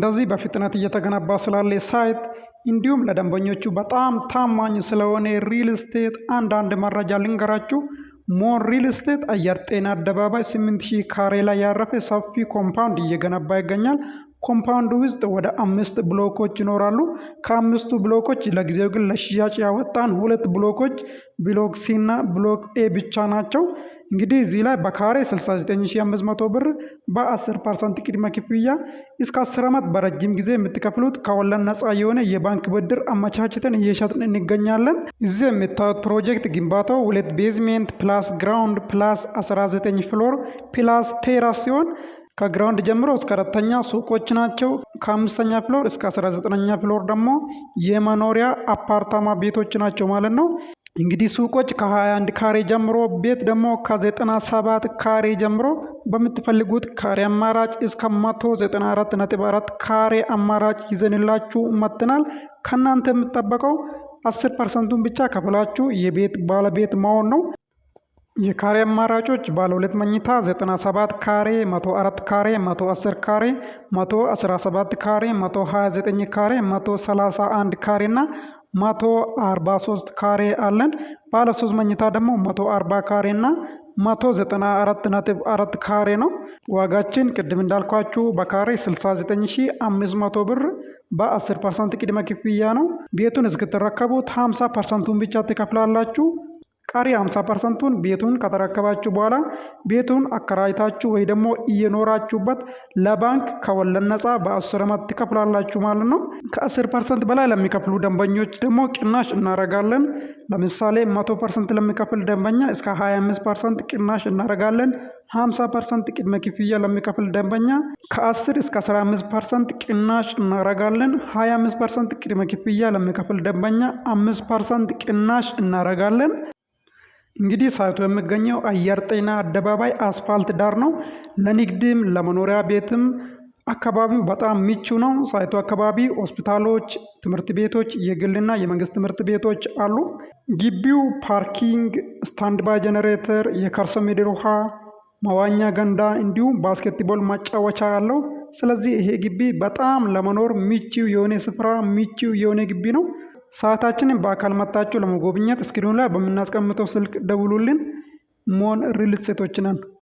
እንደዚህ በፍጥነት እየተገነባ ስላለ ሳይት እንዲሁም ለደንበኞቹ በጣም ታማኝ ስለሆነ ሪል ስቴት አንዳንድ መረጃ ልንገራችሁ። ሞን ሪል ስቴት አየር ጤና አደባባይ 8000 ካሬ ላይ ያረፈ ሰፊ ኮምፓውንድ እየገነባ ይገኛል። ኮምፓውንድ ውስጥ ወደ አምስት ብሎኮች ይኖራሉ። ከአምስቱ ብሎኮች ለጊዜው ግን ለሽያጭ ያወጣን ሁለት ብሎኮች ብሎክ ሲና ብሎክ ኤ ብቻ ናቸው። እንግዲህ እዚህ ላይ በካሬ 69500 ብር በ10 ፐርሰንት ቅድመ ክፍያ እስከ 10 ዓመት በረጅም ጊዜ የምትከፍሉት ከወለድ ነፃ የሆነ የባንክ ብድር አመቻችተን እየሸጥን እንገኛለን። እዚህ የምታዩት ፕሮጀክት ግንባታው ሁለት ቤዝሜንት ፕላስ ግራውንድ ፕላስ 19 ፍሎር ፕላስ ቴራስ ሲሆን ከግራውንድ ጀምሮ እስከ አራተኛ ሱቆች ናቸው። ከአምስተኛ ፍሎር እስከ አስራ ዘጠነኛ ፍሎር ደግሞ የመኖሪያ አፓርታማ ቤቶች ናቸው ማለት ነው። እንግዲህ ሱቆች ከ21 ካሬ ጀምሮ ቤት ደግሞ ከ97 ካሬ ጀምሮ በምትፈልጉት ካሬ አማራጭ እስከ 194.4 ካሬ አማራጭ ይዘንላችሁ መትናል። ከእናንተ የምጠበቀው 10 ፐርሰንቱን ብቻ ከፍላችሁ የቤት ባለቤት መሆን ነው። የካሬ አማራጮች ባለ ሁለት መኝታ 97 ካሬ፣ 104 ካሬ፣ 110 ካሬ፣ 117 ካሬ፣ 129 ካሬ፣ 131 ካሬ እና 143 ካሬ አለን። ባለ 3 መኝታ ደግሞ 140 ካሬ እና 194.4 ካሬ ነው። ዋጋችን ቅድም እንዳልኳችሁ በካሬ 69500 ብር በ10 ፐርሰንት ቅድመ ክፍያ ነው። ቤቱን እስክትረከቡት 50 ፐርሰንቱን ብቻ ትከፍላላችሁ። ቀሪ 50 ፐርሰንቱን ቤቱን ከተረከባችሁ በኋላ ቤቱን አከራይታችሁ ወይ ደግሞ እየኖራችሁበት ለባንክ ከወለድ በ 10 ዓመት ትከፍላላችሁ ማለት ነው። ከ10 ፐርሰንት በላይ ለሚከፍሉ ደንበኞች ደግሞ ቅናሽ እናረጋለን። ለምሳሌ 100 ፐርሰንት ለሚከፍል ደንበኛ እስከ 25 ፐርሰንት ቅናሽ እናረጋለን። 50 ፐርሰንት ቅድመ ክፍያ ለሚከፍል ደንበኛ ከ10 እስከ 15 ፐርሰንት ቅናሽ እናረጋለን። 25 ፐርሰንት ቅድመ ክፍያ ለሚከፍል ደንበኛ 5 ፐርሰንት ቅናሽ እናረጋለን። እንግዲህ ሳይቱ የሚገኘው አየር ጤና አደባባይ አስፋልት ዳር ነው። ለንግድም ለመኖሪያ ቤትም አካባቢው በጣም ምቹ ነው። ሳይቱ አካባቢ ሆስፒታሎች፣ ትምህርት ቤቶች፣ የግልና የመንግስት ትምህርት ቤቶች አሉ። ግቢው ፓርኪንግ፣ ስታንድ ባይ ጀነሬተር፣ የከርሰ ምድር ውሃ፣ መዋኛ ገንዳ እንዲሁም ባስኬትቦል ማጫወቻ አለው። ስለዚህ ይሄ ግቢ በጣም ለመኖር ምቹ የሆነ ስፍራ ምቹ የሆነ ግቢ ነው። ሰዓታችንን በአካል መጥታችሁ ለመጎብኘት እስክሪኑ ላይ በምናስቀምጠው ስልክ ደውሉልን። ሞን ሪል ስቴቶች ነን።